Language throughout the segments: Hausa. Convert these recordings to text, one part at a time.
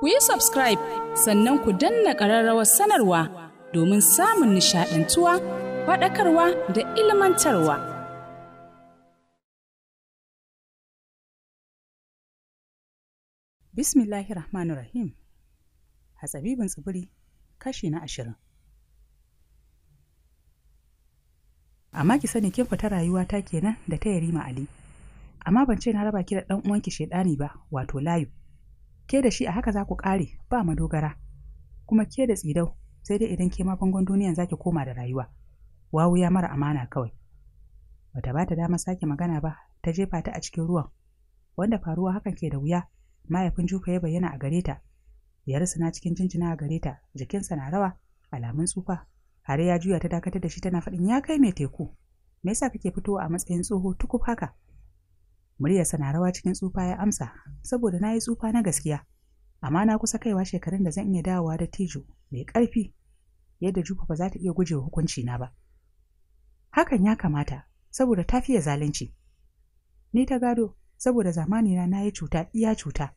ku yi subscribe sannan ku danna ƙararrawar sanarwa domin samun nishaɗantuwa faɗakarwa da ilmantarwa. Bismillahir Rahmanir Rahim Hatsabibin tsibiri kashi na ashirin. Amma ki sani kin fita rayuwa rayuwata kenan da ta yarima Ali. Amma ban ce na raba ki da ɗan uwanki shaiɗani ba, wato layu. ke da shi a haka za ku ƙare ba madogara kuma ke da tsidau sai dai idan ke ma bangon duniyan zaki koma da rayuwa wawu ya mara amana kawai bata ba ta dama sake magana ba ta jefa ta a cikin ruwan wanda faruwa hakan ke da wuya mahaifin jufa ya bayyana a gareta. Ya rasa na cikin jinjina a gare ta jikinsa na rawa alamun tsufa hare ya juya ta dakatar da shi tana faɗin ya kai mai teku me yasa kake fitowa a matsayin tsoho tukuf haka muryarsa na rawa cikin tsufa ya amsa saboda na yi tsufa na gaskiya amma na kusa kaiwa shekarun da zan iya dawowa da tijo mai ƙarfi yadda jufa ba za ta iya gujewa hukunci na ba hakan ya kamata saboda ta fiye zalunci ni ta gado saboda zamani na yi cuta iya cuta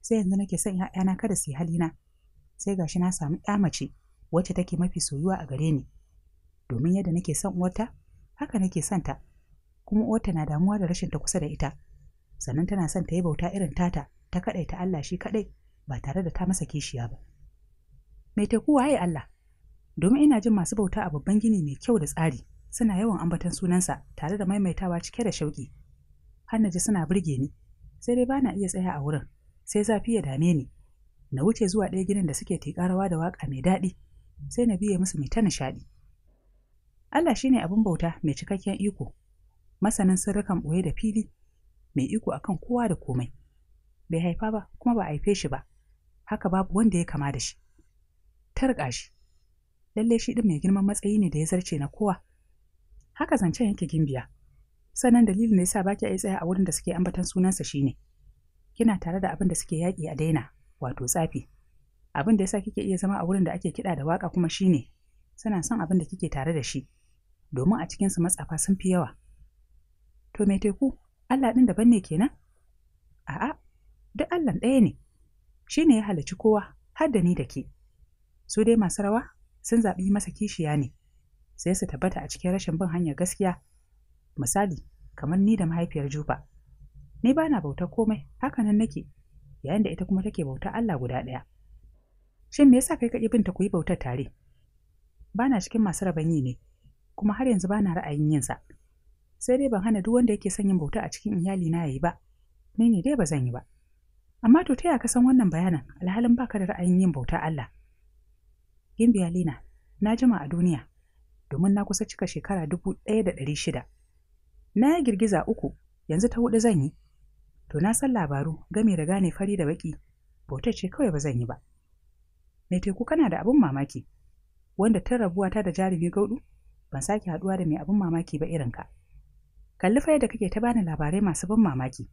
sai yanzu nake son ‘ya'yana kada su yi hali na. sai gashi na samu ‘ya mace wacce take mafi soyuwa a gare ni domin yadda nake son uwarta haka nake son ta kuma uwarta na damuwa da rashin ta kusa da ita sannan tana son ta yi bauta irin tata ta kaɗai ta Allah shi kaɗai ba tare da ta masa kishiya ba mai teku waye Allah domin ina jin masu bauta a babban gini mai kyau da tsari suna yawan ambaton sunansa tare da maimaitawa cike da shauƙi hannaji suna burge ni sai dai bana iya tsaya a wurin sai zafi ya dame ni na wuce zuwa ɗaya ginin da suke tiƙarawa da waƙa mai daɗi sai na biye musu mai ta nishaɗi Allah shine abin bauta mai cikakken iko masanin sirrukan ɓoye da fili mai iko akan kowa da komai bai haifa ba kuma ba a haife shi ba haka babu wanda ya kama da shi ta riƙa shi lallai shi ɗin mai girman matsayi ne da ya zarce na kowa haka zancen yake gimbiya sannan dalilin da yasa baki ki tsaya a wurin da suke ambatan sunansa shine kina tare da abin da suke yaƙi a daina wato tsafi abin da yasa kike iya zama a wurin da ake kiɗa da waƙa kuma shine suna son abin da kike tare da shi domin a cikinsu matsafa sun fi yawa to mai teku Allah ɗin daban ne kenan a'a duk Allah ɗaya ne shi ne ya halarci kowa har da ni da ke su dai masu rawa sun zaɓi masa kishiya ne sai su tabbata a cikin rashin bin hanyar gaskiya misali kamar ni da mahaifiyar juba ni ba na bauta komai hakanan nake yayin da ita kuma take bauta Allah guda ɗaya shin me yasa kai ka binta ku yi bautar tare ba na cikin masu raban yi ne kuma har yanzu ba na ra'ayin yinsa sai dai ban hana duk wanda yake son yin bauta a cikin iyali ya yi ba ni ne dai ba zan yi ba Amma to ta yaka ka san wannan bayanan alhalin baka da ra'ayin yin bauta Allah? Gimbiya Lina, na jima a duniya domin na kusa cika shekara dubu ɗaya da ɗari shida. Na yi girgiza uku yanzu ta huɗu zan yi. To na san labaru game da gane fari da baƙi bautar ce kawai ba zan yi ba. Mai teku kana da abin mamaki wanda ta rabuwa ta da jarumi gaudu ban sake haɗuwa da mai abin mamaki ba irinka. Kalli fa yadda kake ta bani labarai masu ban mamaki.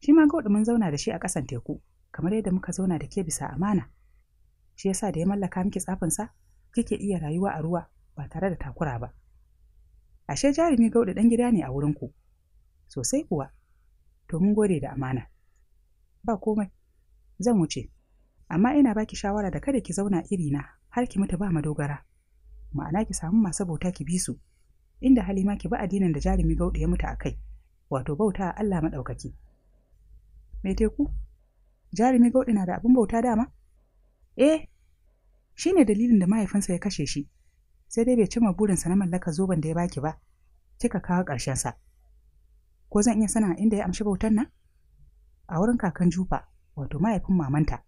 shi ma gaudu mun zauna da shi a ƙasan teku kamar yadda muka zauna da ke bisa amana shi yasa da ya mallaka miki tsafinsa kike iya rayuwa a ruwa ba tare da takura ba ashe jarumi gaudu ɗan gida ne a wurin ku. sosai kuwa to mun gode da amana ba komai zan wuce amma ina baki shawara da kada ki zauna iri na har ki mutu ba madogara ma'ana ki samu masu bauta ki bi su inda halima ki ba addinin da jarumi gaudu ya mutu a kai wato bauta Allah maɗaukaki. mai ku, jarumi gauɗi na da abin bauta dama eh shi ne dalilin da mahaifinsa ya kashe shi sai dai bai cimma burinsa na mallaka zoben da ya baki ba kika kawo ƙarshensa ko zan iya sana inda ya amshi bautan nan a wurin kakan jufa wato mahaifin mamanta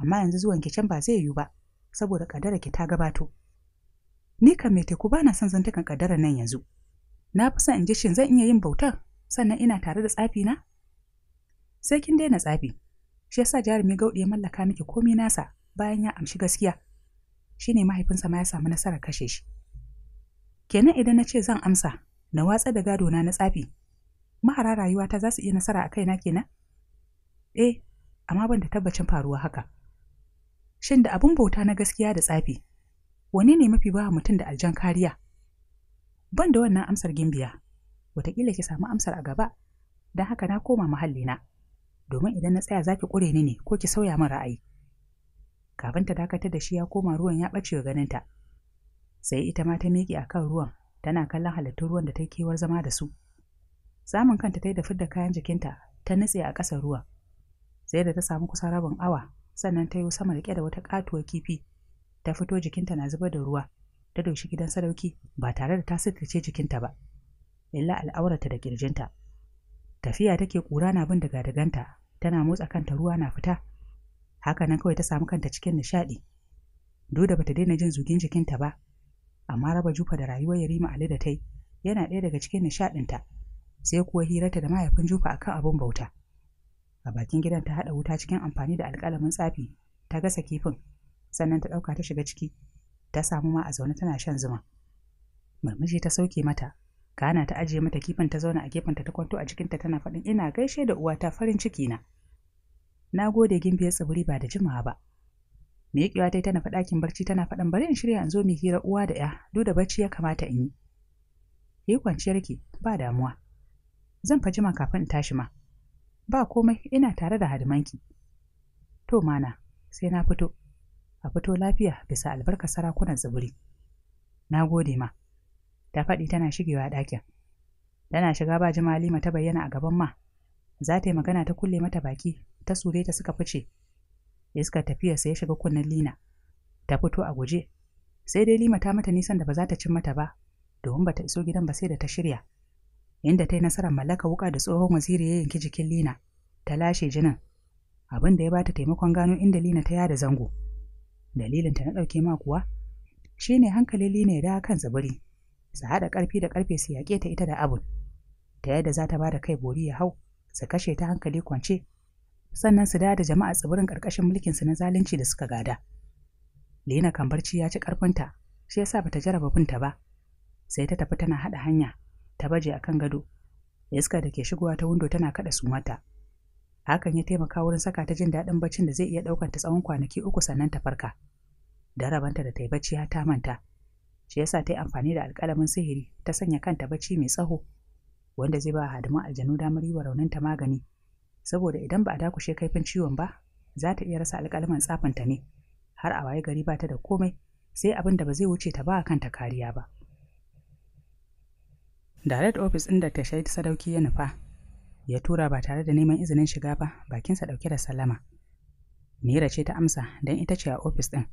amma yanzu zuwan ki can ba zai yiwu ba saboda kadara ki ta gabato ni kan mai teku bana son zantukan kadara nan yanzu na fi son in ji shin zan iya yin bautar sannan ina tare da tsafi na sai kin daina tsafi shi yasa jarumi gaudi ya mallaka miki komai nasa bayan ya amshi gaskiya shine mahaifinsa ma ya samu nasarar kashe shi kenan idan na ce zan amsa na watsa da gado na na tsafi mahara rayuwata za su iya nasara a kaina kenan eh amma ban da tabbacin faruwa haka shin da abin bauta na gaskiya da tsafi wani ne mafi ba mutum da aljan kariya ban da wannan amsar gimbiya wataƙila ki samu amsar a gaba don haka na koma mahallina domin idan na tsaya za ki ƙure ni ne ko ki sauya min ra'ayi. Kafin ta dakatar da shi ya koma ruwan ya ɓace wa ganinta. Sai ita ma ta miƙe a kan ruwan, tana kallon halittun ruwan da ta kewar zama da su. Samun kanta ta yi da fidda kayan jikinta, ta nutse a ƙasa ruwan. Sai da ta samu kusan rabin awa, sannan ta yi sama riƙe da wata ƙatuwar kifi, ta fito jikinta na zubar da ruwa, ta doshi gidan sadauki ba tare da ta suturce jikinta ba. Illa al'aurata da ƙirjinta. tafiya take ƙura na bin daga daganta tana motsa kanta ruwa na fita haka nan kawai ta samu kanta cikin nishaɗi duk da bata daina jin zugin jikinta ba amma raba jufa da rayuwar yarima ali da tai yana ɗaya daga cikin nishaɗinta sai kuwa hirarta da mahaifin jufa akan abin bauta a bakin gidan ta haɗa wuta cikin amfani da alƙalamin tsafi ta gasa kifin sannan ta ɗauka ta shiga ciki ta samu ma a zaune tana shan zuma murmushi ta sauke mata kana ta ajiye mata kifin ta zauna a gefenta ta kwanto a jikinta tana faɗin ina gaishe da uwata farin ciki na na gode gimbiyar tsibiri ba da jimawa ba me yakewa ta tana faɗakin barci tana faɗin bari in shirya in zo mu hira uwa da ya duk da barci ya kamata in yi yi kwanciyar ki ba damuwa zan fa jima kafin in tashi ma ba komai ina tare da hadimanki to mana sai na fito a fito lafiya bisa albarka sarakunan tsibiri na gode ma ta faɗi tana shigewa ɗakin. Tana shiga ba jima Halima ta bayyana a gaban ma. Za ta yi magana ta kulle mata baki, ta sure ta suka fice. Iskar tafiyarsa ya shiga kunnen Lina. Ta fito a guje. Sai dai Lima ta mata nisan da ba za ta cin mata ba, domin ba ta iso gidan ba sai da ta shirya. Inda ta yi nasarar mallaka wuka da tsohon waziri ya yanki jikin Lina, ta lashe jinin. Abin da ya bata taimakon gano inda Lina ta yada zango. Dalilinta na ɗauke ma kuwa, Shi ne hankalin Lina ya dawo kan tsibiri. su haɗa ƙarfi da ƙarfe su yaƙe ta ita da abun ta yadda za ta ba da kai bori ya hau su kashe ta hankali kwance sannan su dawo da jama'a tsibirin ƙarƙashin mulkin su na zalunci da suka gada Lina kan barci ya ci ƙarfinta shi yasa bata jaraba binta ba sai ta tafi tana haɗa hanya ta baje a kan gado iska da ke shigowa ta windo tana kaɗa sumata hakan ya taimaka wurin saka ta jin daɗin baccin da zai iya ɗaukar ta tsawon kwanaki uku sannan ta farka da rabanta da ta yi bacci har ta manta shi yasa ta yi amfani da alƙalamin sihiri ta sanya kanta bacci mai tsaho wanda zai ba hadimin aljanu damar yi wa rauninta magani saboda idan ba a dakushe kaifin ciwon ba za ta iya rasa alƙalamin tsafinta ne har a waye gari ba ta da komai sai abin da ba zai wuce ta ba kanta kariya ba direct office ɗin da ta shaidi sadauki ya nufa ya tura ba tare da neman izinin shiga ba bakinsa ɗauke da salama Nira ce ta amsa don ita ce a ofis ɗin.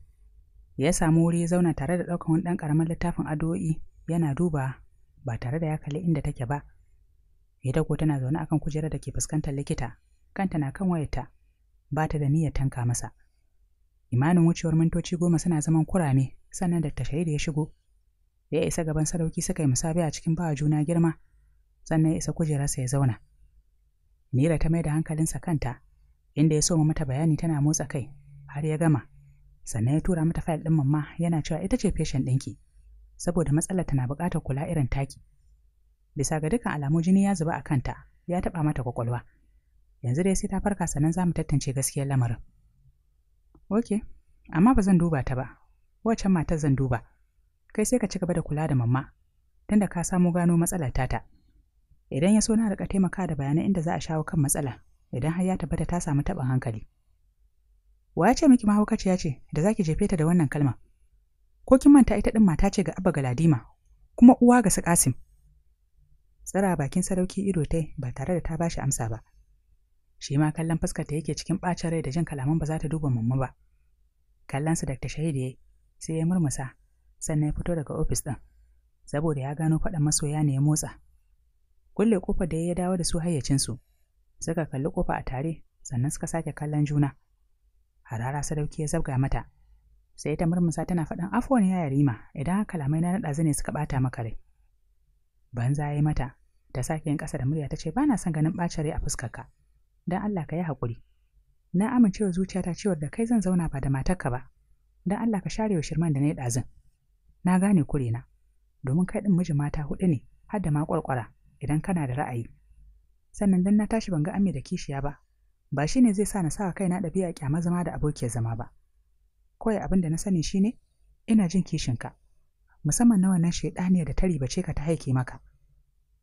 ya samu wuri ya zauna tare da ɗaukan wani ɗan ƙaramin littafin addu'o'i yana duba ba tare da ya kalli inda take ba Ya ko tana zaune akan kujerar da ke fuskantar likita kanta na kan wayarta ba ta da niyyar tanka masa imanin wucewar mintoci goma suna zaman kurame sannan da tashayi da ya shigo ya isa gaban sarauki, suka yi musabi a cikin bawa juna girma sannan ya isa kujerarsa ya zauna nira ta mai da hankalinsa kanta inda ya so mata bayani tana motsa kai har ya gama sannan ya tura mata fayil ɗin mamma yana cewa ita ce feshin ɗinki saboda matsalar tana buƙatar kula irin taki bisa ga dukkan alamu jini ya zuba a kanta ya taɓa mata kwakwalwa yanzu dai sai ta farka sannan za mu tantance gaskiyar lamarin ok amma ba zan duba ta ba waccan matar zan duba kai sai ka ci gaba da kula da mamma tunda ka samu gano matsalar tata idan ya so na riƙa taimaka da bayanan inda za a shawo kan matsala idan har ya tabbata ta samu taɓin hankali Wa ya ce miki mahaukaciya ce da zaki jefe ta da wannan kalma? Ko kin manta ita din mata ce ga Abba Galadima, kuma uwa ga su Kasim. Tsara bakin sarauki ido tai ba tare da ta bashi amsa ba. Shi ma kallon fuskar ta yake cikin ɓacin rai da jin kalaman ba za ta duba mamma ba. Kallon su Dr. Shahidi sai ya murmusa sannan ya fito daga ofis ɗin saboda ya gano faɗan masoya ne ya motsa kulle kofar da ya dawo da su hayyacin su suka kalli kofa a tare sannan suka sake kallon juna harara sadauki ya zabga mata sai ta murmusa tana faɗin afuwan ya yarima idan kalamai na naɗa zane suka ɓata maka rai banza ya yi mata ta sake yin ƙasa da murya ta ce ba na son ganin ɓacin rai a fuskarka don Allah ka yi haƙuri na amincewa zuciyata cewar da kai zan zauna ba da matarka ba don Allah ka share wa shirman da na yi ɗazin na gane kurena domin kai ɗin miji mata huɗu ne har da ma ƙwarƙwara idan kana da ra'ayi sannan dan na tashi ban ga ame da kishiya ba ba shi ne zai sa na sa kaina ɗabi'a kyama zama da abokiyar zama ba kawai abin da na sani shine ina jin kishinka musamman na wannan ne da ta ribace ka ta haike maka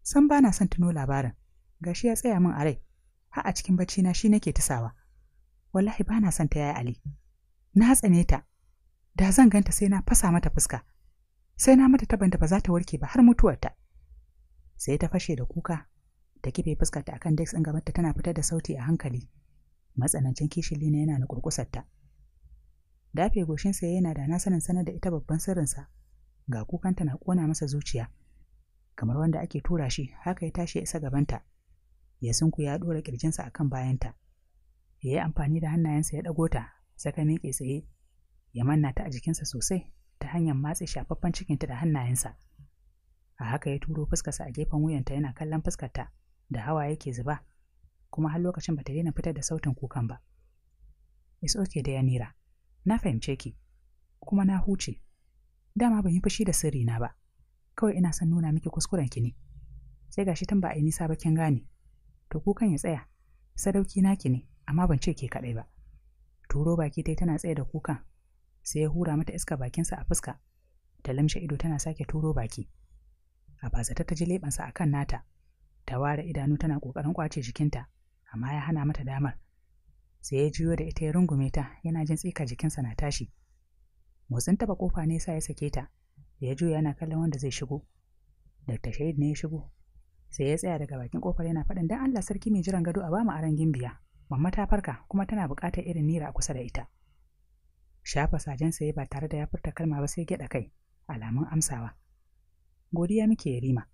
san ba na son tuno labarin gashi ya tsaya min a rai har a cikin bacci na shi nake tusawa wallahi ba na son ta yaya ali na tsane ta da zan ganta sai na fasa mata fuska sai na mata taban da ba za ta warke ba har mutuwarta sai ta fashe da kuka ta kife fuskarta akan dex ɗin gabanta tana fitar da sauti a hankali matsanancin kishin lina yana na kurkusarta dafe goshin goshinsa yana da na sanin sanar da ita babban sirrinsa ga kukanta na kona masa zuciya kamar wanda ake tura shi haka ya tashi isa gabanta ya sunku ya ɗora ƙirjinsa akan bayanta ya yi amfani da hannayensa ya ɗago ta saka miƙe tsaye ya manna ta a jikinsa sosai ta hanyar matse shafaffen cikinta da hannayensa a haka ya turo fuskarsa a gefen wuyanta yana kallon fuskarta da hawa yake zuba kuma har lokacin ba bata daina fitar da sautin kukan ba it's okay da yanira na fahimce ki kuma na huce dama ban yi fushi da sirri na ba kawai ina son nuna miki kuskuren ki ne sai gashi tun ba a yi nisa ba kin gane to kukan ya tsaya sadauki na ki ne amma ban ce ke kaɗai ba turo baki dai tana tsaye da kukan sai ya hura mata iska bakinsa a fuska ta lamshe ido tana sake turo baki Abazata ta ji leɓensa a kan nata ta ware idanu tana ƙoƙarin ƙwace jikinta amma ya hana mata damar sai ya jiyo da ita ya rungume ta yana jin tsika jikinsa na tashi motsin taba kofa ne sa ya sake ta ya juya yana kallon wanda zai shigo Dakta Shahid ne ya shigo sai ya tsaya daga bakin kofar yana faɗin dan Allah sarki mai jiran gado a ba mu aran gimbiya mamma ta farka kuma tana buƙatar irin nira a kusa da ita shafa sajen sai ba tare da ya furta kalma ba sai gyaɗa kai alamun amsawa godiya muke yarima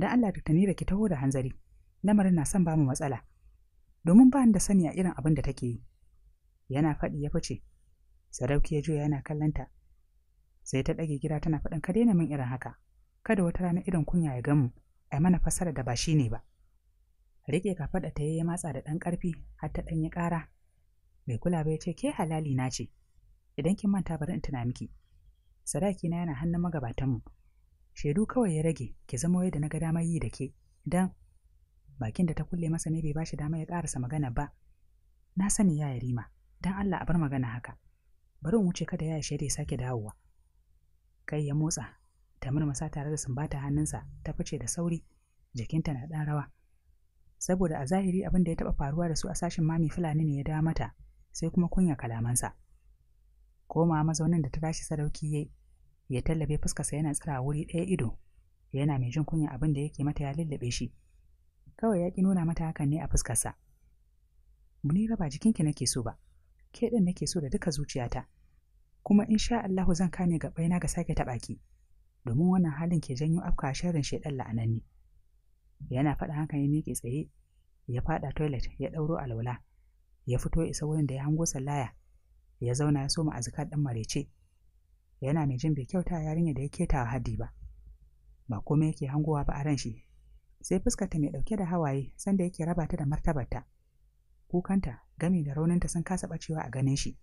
dan Allah da Tanira ki taho da hanzari lamarin na son bamu matsala domin ba da sani a irin abin da take yi yana faɗi ya fice sadauki ya juya yana kallanta sai ta ɗage gida tana faɗin ka daina min irin haka kada wata rana irin kunya ya gamu a mana fassara da ba shi ne ba riƙe faɗa ta yayi matsa da ɗan ƙarfi har ta ɗan yi ƙara mai kula ba ya ce ke halali na ce idan kin manta bari in tuna miki sadaki na yana hannun magabatanmu shaidu kawai ya rage ki zama da na ga damar yi da ke dan bakin da ta kulle masa ne bai bashi damar ya karasa magana ba na sani ya rima don Allah a bar magana haka bari in wuce kada ya shaida ya sake dawowa kai ya motsa ta murmasa tare da sumbata hannunsa ta fice da sauri jikinta na ɗan rawa saboda a zahiri abin da ya taɓa faruwa da su a sashen mami fulani ne ya dawo mata sai kuma kunya kalamansa koma mazaunin da ta tashi sadauki yayi ya tallabe fuskarsa yana tsara wuri ɗaya ido yana mai jin kunya abin da yake mata ya lullube shi kawai ya ki nuna mata hakan ne a fuskarsa munira ba jikinki nake so ba ke ɗin nake so da duka zuciyata kuma insha Allahu zan kame na ga sake taɓa ki domin wannan halin ke janyo afka sharrin shaidan la'ananni yana faɗa hakan ya miƙe tsaye ya faɗa toilet ya ɗauro alwala ya fito isa wurin da ya hango sallaya ya zauna ya soma azkar ɗan marece yana mai jin bai kyauta yarinya da ya keta hadi ba ba komai yake hangowa ba a ran shi sai fuskarta mai ɗauke da hawaye sanda yake raba ta da martabarta kukanta gami da rauninta sun kasa bacewa a ganin shi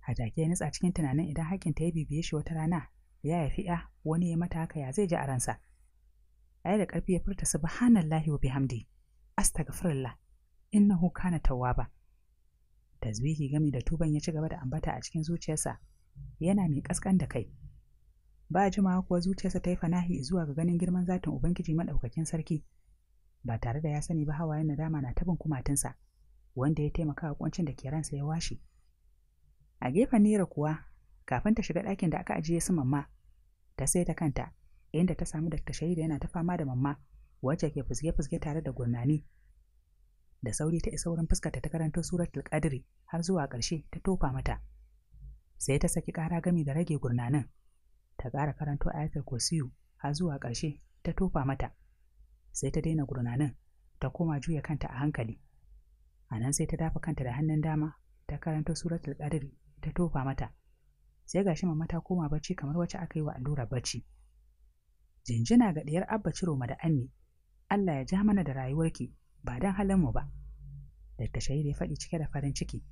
a ya nutsa cikin tunanin idan hakinta ya bibiye shi wata rana ya yafi ya wani ya mata haka ya zai ji a ransa ai da ƙarfi ya furta subhanallahi wa bihamdi astaghfirullah innahu kana tawwaba tasbihi gami da tuban ya ci gaba da ambata a cikin zuciyarsa yana mai kaskan da kai ba jimawa kuwa zuciyarsa ta yi fanahi zuwa ga ganin girman zatin ubangiji maɗaukakin sarki ba tare da ya sani ba hawayen nadama na tabin kumatinsa wanda ya taimaka wa kuncin da ke ransa ya washe a gefen nera kuwa kafin ta shiga ɗakin da aka ajiye su mamma ta sai ta kanta inda ta samu da shahida yana ta fama da mamma wacce ke fuske-fuske tare da gurnani da sauri ta isa wurin fuskata ta karanto suratul qadri har zuwa ƙarshe ta tofa mata sai ta saki ƙara gami da rage gurnanin ta ƙara karanto ayatul kursiyu har zuwa ƙarshe ta tofa mata sai ta daina gurnanin ta koma juya kanta a hankali a nan sai ta dafa kanta da hannun dama ta karanto suratul qadr ta tofa mata sai gashi mama ta koma bacci kamar wacce aka yi wa allurar bacci jinjina ga diyar abba ma da anni Allah ya ja mana da rayuwarki ba dan don mu ba Dr. Shahid ya faɗi cike da farin ciki.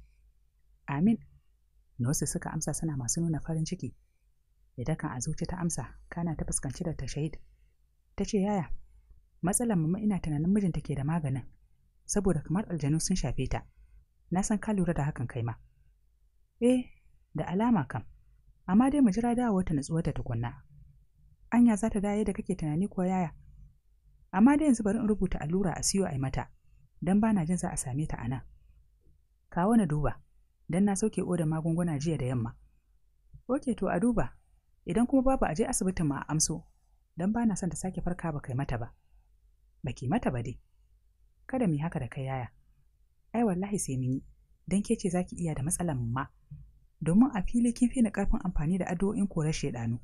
Amin Nosi suka amsa suna masu nuna farin ciki. Idan kan a zuci ta amsa, kana ta fuskanci da ta shahid. Ta ce yaya, matsalar mama ina tunanin mijinta ke da maganin, saboda kamar aljanu sun shafe ta. Na san ka lura da hakan kai ma. Eh, da alama kam, amma dai mu jira dawowa ta natsuwa ta tukunna. Anya za ta dawo da kake tunani ko yaya? Amma dai yanzu bari in rubuta allura a siyo ai mata, don ba na jin za a same ta a nan. Kawo na duba. dan na sauke odar magunguna jiya da yamma. Oke to a duba, idan kuma babu a je asibitin ma a amso, don ba na son ta sake farka ba kai mata ba. Ba ki mata ba dai. Kada mu haka da kai yaya. Ai wallahi sai mun yi, don ke ce za iya da matsalan ma. Domin a fili kin fi ni ƙarfin amfani da addu'o'in korar shaidanu.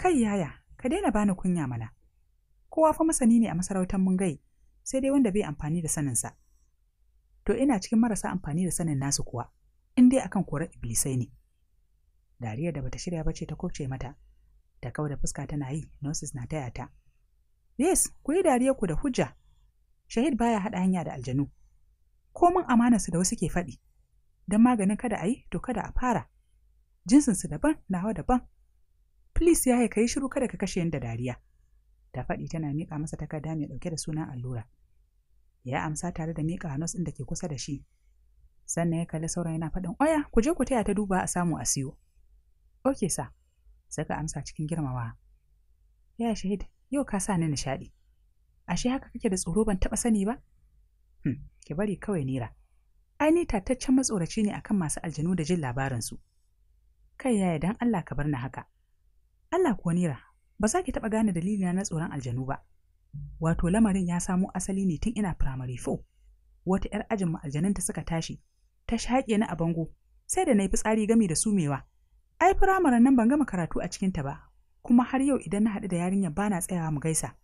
Kai yaya, ka daina bani kunya mana. Kowa fa masani ne a masarautar mun gai, sai dai wanda bai amfani da saninsa. To ina cikin marasa amfani da sanin nasu kuwa. in dai akan korar iblisai ne Dariya da bata shirya bace ta kofce mata ta kawo da fuska tana yi nurses na taya ta yes ku yi dariya ku da hujja shahid baya haɗa hanya da aljanu komin amanar su da wasu ke faɗi don maganin kada a yi to kada a fara jinsinsu daban nawa daban please ya ka yi shiru kada ka kashe yadda dariya ta faɗi tana miƙa masa takarda mai ɗauke da sunan allura ya amsa tare da miƙa nos ɗin da ke kusa da shi sannan ya kalli saura yana faɗin oya ku je ku taya ta duba a samu a siyo oke sa Saka amsa cikin girmawa ya shahid yau ka sa ni nishaɗi ashe haka kake da tsoro ban taɓa sani ba hmm, ki bari kawai nira ai ni tattaccen matsoraci ne akan masu aljanu da jin su. kai yaya dan Allah ka bar ni haka Allah kuwa nira ba za ki taɓa gane dalilina na tsoron aljanu ba wato lamarin ya samo asali ne tun ina firamare 4 wata 'yar ajin mu aljanunta suka tashi ta shaƙe ni a bango sai da na yi fitsari gami da sumewa ai firamaren nan ban gama karatu a cikinta ba kuma har yau idan na haɗu da yarinyar ba na tsayawa mu gaisa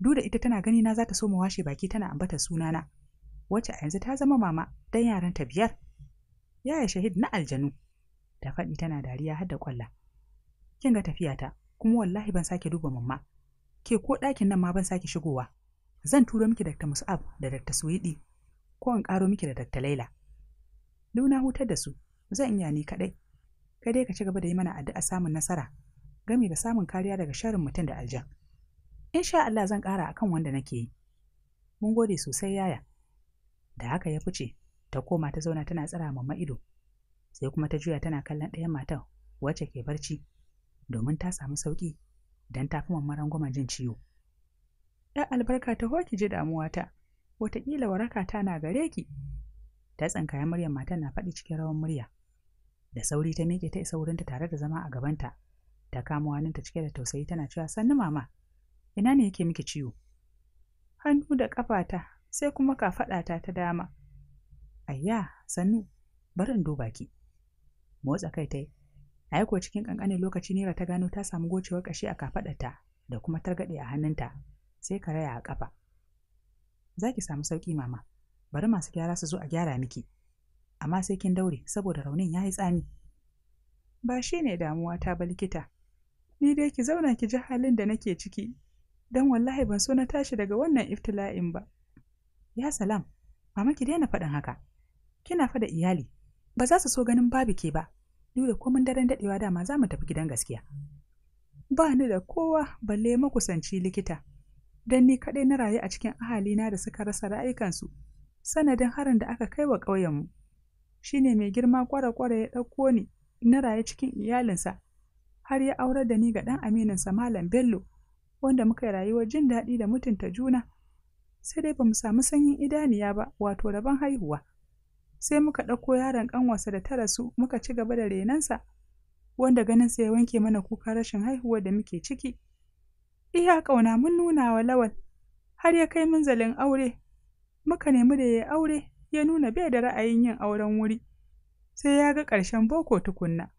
duk da ita tana gani na za ta so mu washe baki tana ambata sunana wacce a yanzu ta zama mama dan ta biyar yaya shahid na aljanu Da faɗi tana dariya har da kwalla kin ga tafiya ta? kuma wallahi ban sake duba mamma ke ko ɗakin nan ma ban sake shigowa zan turo miki Dr. Mus'ab da Dr. Suwidi ko in ƙaro miki da Dr. Laila duk na hutar da su zan iya ni kaɗai kai dai ka ci gaba da yi mana addu'a samun nasara gami da samun kariya daga sharrin mutum da aljan sha Allah zan ƙara akan wanda nake yi mun gode sosai yaya da haka ya fice ta koma ta zauna tana tsara mamma ido sai kuma ta juya tana kallon ɗayan matan wacce ke barci domin ta samu sauƙi don ta fi mammaran jin ciwo ɗan albarka ta hoki ji damuwata wataƙila waraka ta na gare ki ta tsankaya muryar matan na faɗi cikin rawan murya da sauri ta miƙe ta isa wurinta tare da zama a gabanta ta kama waninta cike da tausayi tana cewa sannu mama ina ne yake miki ciwo hannu da ƙafata sai kuma ka faɗata ta dama ayya sannu bari in duba ki motsa kai ta yi a cikin ƙanƙanin lokaci naira ta gano ta samu gocewar ƙashi a kafaɗarta da kuma targaɗe a hannunta sai karaya a ƙafa za ki samu sauƙi mama bari masu gyara su zo a gyara miki amma sai kin daure saboda raunin ya yi tsami ba shi ne damuwa ta ba likita ni dai ki zauna ki ji halin da nake ciki don wallahi ban so na tashi daga wannan iftila'in ba ya salam mama ki daina faɗin haka kina fada iyali ba za su so ganin babu ke ba duk da komin daren daɗewa dama za mu tafi gidan gaskiya ba ni da kowa balle makusanci likita don ni kaɗai na rayu a cikin ahalina da suka rasa ra'ayikansu sanadin harin da aka kai wa ƙauyenmu shi ne mai girma kware-kware ya ɗauko ni na raye cikin iyalinsa har ya aurar da ni ga ɗan amininsa malam bello wanda muka yi rayuwa jin daɗi da mutunta juna sai dai ba mu samu sanyin idaniya ba wato rabon haihuwa sai muka ɗauko yaron ƙanwarsa da ta rasu muka ci gaba da renonsa, wanda ganin sai ya wanke mana kuka rashin haihuwa da muke ciki iya ƙauna mun nuna wa lawal har ya kai zalin aure muka nemi da ya aure ya nuna bai da ra'ayin yin auren wuri sai ya ga ƙarshen boko tukunna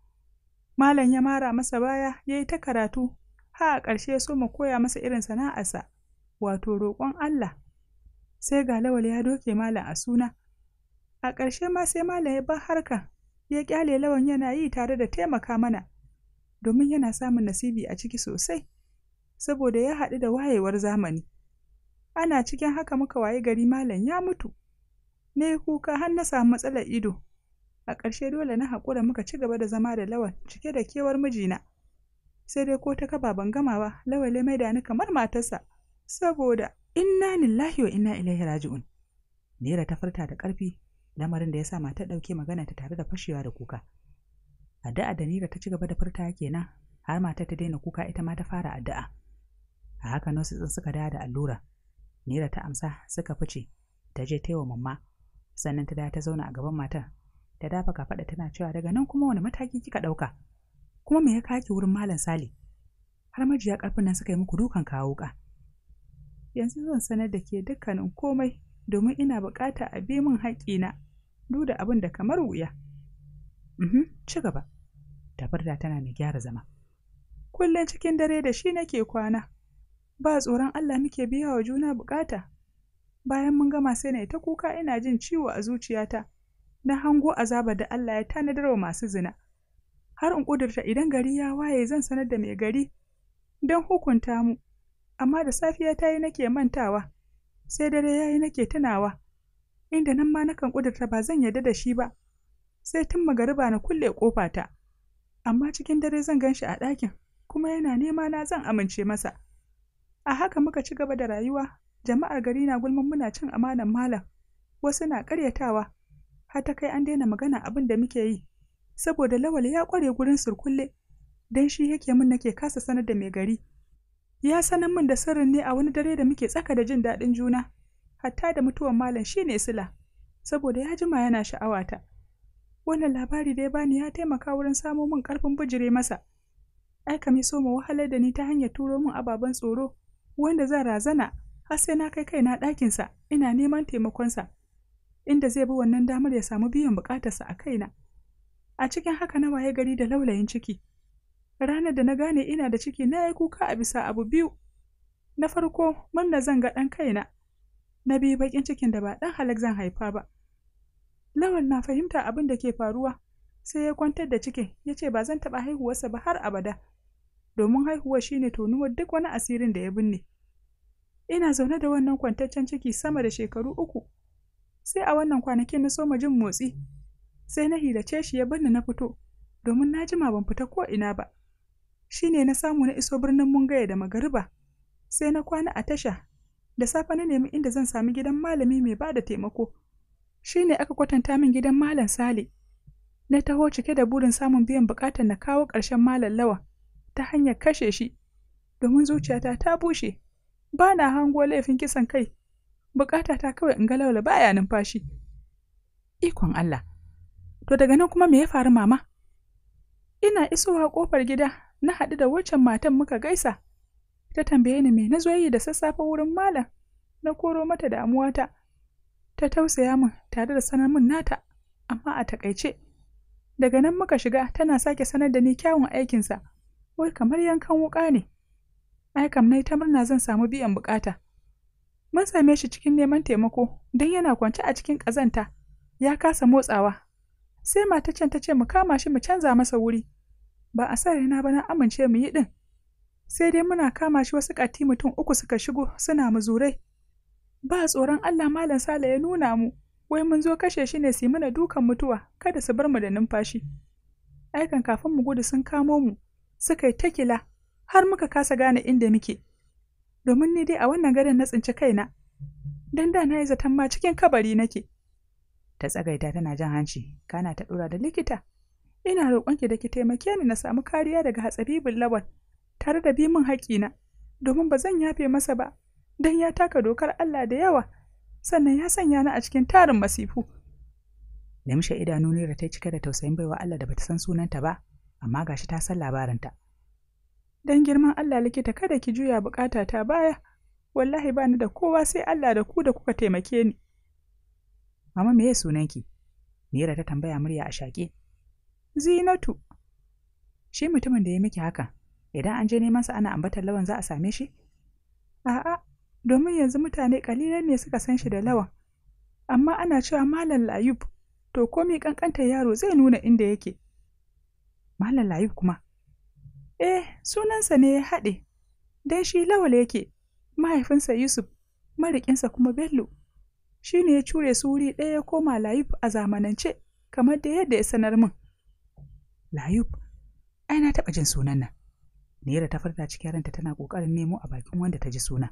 malam ya mara masa baya ya yi ta karatu ha a ƙarshe so mu koya masa irin sana'arsa wato roƙon Allah sai ga lawal ya doke malam a suna a ƙarshe ma sai malam ya bar harka ya ƙyale lawan yana yi tare da taimaka mana domin yana samun nasibi a ciki sosai saboda ya haɗu da wayewar zamani ana cikin haka muka waye gari malam ya mutu Ne kuka har na samu matsalar ido a ƙarshe dole na haƙura muka ci gaba da zama da lawan cike da kewar mijina sai dai ko ta kaba ban gama ba lawale mai da ni kamar matarsa saboda inna lillahi wa inna ilaihi raji'un nera ta furta da ƙarfi lamarin da ya sa mata ɗauke magana ta tare da fashewa da kuka addu'a da nera ta ci gaba da furta kenan har mata ta daina kuka ita ma ta fara addu'a a haka nurses suka dawo da allura Nera ta amsa suka fice, ta je taiwa mamma, sannan ta dawo ta zauna a gaban matar. Ta dafa kafaɗa tana cewa daga nan kuma wani mataki kika ɗauka? Kuma me ya kaki wurin Malam sali Har majiya ƙarfin nan suka yi muku dukan kawo ka. Yanzu zan sanar da ke dukkanin komai domin ina buƙata a bi min haƙƙina duk da abin da kamar wuya. Mhm, ci gaba. Tafarda tana mai gyara zama. Kullum cikin dare da shi nake kwana. ba tsoron Allah muke biya wa juna bukata bayan mun gama sai na ta kuka ina jin ciwo a zuciyata na hango azaba da Allah ya tanadar wa masu zina har in kudurta idan gari ya waye zan sanar da mai gari don hukunta mu amma da safiya ta yi nake mantawa sai dare ya yi nake tunawa inda nan ma nakan kudurta ba zan yarda da shi ba sai tun magariba na kulle kofata amma cikin dare zan gan shi a ɗakin kuma yana nema na zan amince masa a haka muka ci gaba da rayuwa jama'ar gari na gulman muna cin amanan malam wasu na karyatawa har ta kai an daina magana abin da muke yi saboda lawal ya kware gurin surkulle dan shi yake mun nake kasa sanar da mai gari ya sanar mun da sirrin ne a wani dare da muke tsaka da jin daɗin juna hatta da mutuwan malam shine sila saboda ya jima yana sha'awata wannan labari da ya bani ya taimaka wurin samo min karfin bijire masa ai ka so mu wahalar da ni ta hanyar turo min ababen tsoro wanda zan razana har sai na kai kaina ɗakinsa ina neman taimakonsa inda zai bi wannan damar ya samu biyan buƙatarsa a kaina a cikin haka na waye gari da laulayin ciki ranar da na gane ina da ciki na yi kuka a bisa abu biyu na farko murna zan ga ɗan kaina na biyu baƙin cikin da ba ɗan halak zan haifa ba lawal na fahimta abin da ke faruwa sai ya kwantar da cikin ya ce ba zan taɓa haihuwarsa ba har abada domin haihuwa shine tonuwar duk wani asirin da ya binne. Ina zaune da wannan kwantaccen ciki sama da shekaru uku, sai a wannan kwanakin na soma jin motsi, sai na hilace shi ya binne na fito, domin na jima ban fita ko ina ba. Shi ne na samu na iso birnin Mungaya da Magariba, sai na kwana a tasha, da safe na nemi inda zan sami gidan malami mai ba da taimako. Shi ne aka kwatanta min gidan Malam Sale, na taho cike da burin samun biyan bukatar na kawo ƙarshen Malam Lawan. ta hanyar kashe shi domin zuciyata ta bushe ba na hango laifin kisan kai bukata ta kawai in ga ba baya numfashi ikon Allah to daga nan kuma me ya faru mama ina isowa kofar gida na haɗu da waccan matan muka gaisa ta tambaye ni me na zo yi da sassafe wurin malam na koro mata damuwata ta tausaya min tare da sanar min nata amma a takaice daga nan muka shiga tana sake sanar da ni kyawun aikinsa wai kamar yankan wuka ne ai kam nai ta murna zan samu biyan bukata mun same shi cikin neman taimako don yana kwance a cikin ƙazanta ya kasa motsawa sai matacen ta ce mu kama shi mu canza masa wuri ba a sa na ba na amince mu yi din. sai dai muna kama shi wasu ƙati mutum uku suka shigo suna mu zurai. ba tsoron Allah malam Sale ya nuna mu wai mun zo kashe shi ne su yi mana dukan mutuwa kada su bar mu da numfashi aikan kafin mu gudu sun kamo mu suka yi ta kila har muka kasa gane inda muke domin ni dai a wannan gadon na tsinci kaina Don da na yi zaton ma cikin kabari nake ta tsagaita tana jan hanci kana ta ɗora da likita ina roƙonki da ki taimake ni na samu kariya daga hatsari lawan tare da bi min haƙina domin ba zan yafe masa ba dan ya taka dokar Allah da yawa sannan ya sanya ni a cikin tarin masifu. Limshe idanu ne da ta cike da tausayin baiwa Allah da bata san sunanta ba, amma gashi ta san labarinta. Dan girman Allah likita kada ki juya bukata ta baya, wallahi ba ni da kowa sai Allah da ku da kuka taimake ni. Mama me ki? Nera ta tambaya murya a shaƙe. Zinatu. Shi mutumin da ya miki haka, idan an je neman sa ana ambatar lawan za a same shi? A'a, domin yanzu mutane kalilan ne suka san shi da lawan. Amma ana cewa Malam Layub, to komi kankantar yaro zai nuna inda yake. Malam Layif kuma. Eh, sunansa ne ya haɗe, dai shi lawal yake, mahaifinsa Yusuf, mariƙinsa kuma Bello. Shi ne ya cure su wuri ɗaya ya koma layub a zamanance, kamar da yadda ya sanar min. layub ai na taɓa jin sunan nan. Nera ta farta cikin ranta tana ƙoƙarin nemo a bakin wanda ta ji suna.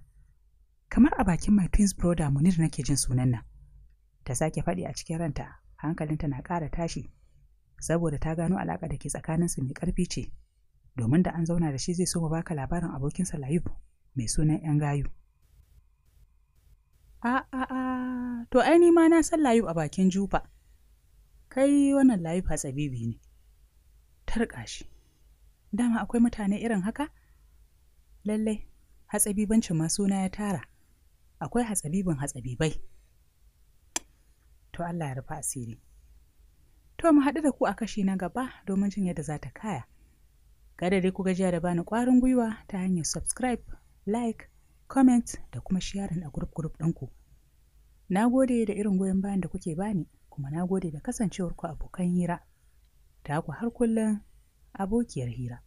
Kamar a bakin my twins brother Munir nake jin sunan nan. Ta sake faɗi a cikin ranta, hankalinta na ƙara tashi saboda ta gano alaƙa da ke tsakaninsu mai ƙarfi ce domin da an zauna da shi zai so mu baka labarin abokinsa layub mai sunan yan gayu a a a to ai ni ma na san layub a bakin jufa kai wannan a tsabibi ne tarƙa shi dama akwai mutane irin haka lallai hatsabibancin ma suna ya tara akwai hatsabibin hatsabibai to Allah ya rufa asiri To mu haɗu da ku a kashi na gaba domin jin yadda za ta kaya. Kada dai ku gajiya da bani ƙwarin gwiwa ta hanyar subscribe, like, comment da kuma sharing a group group ɗinku. Na gode da irin goyon bayan da kuke bani kuma na gode da kasancewarku abokan hira. Ta ku har kullum abokiyar hira.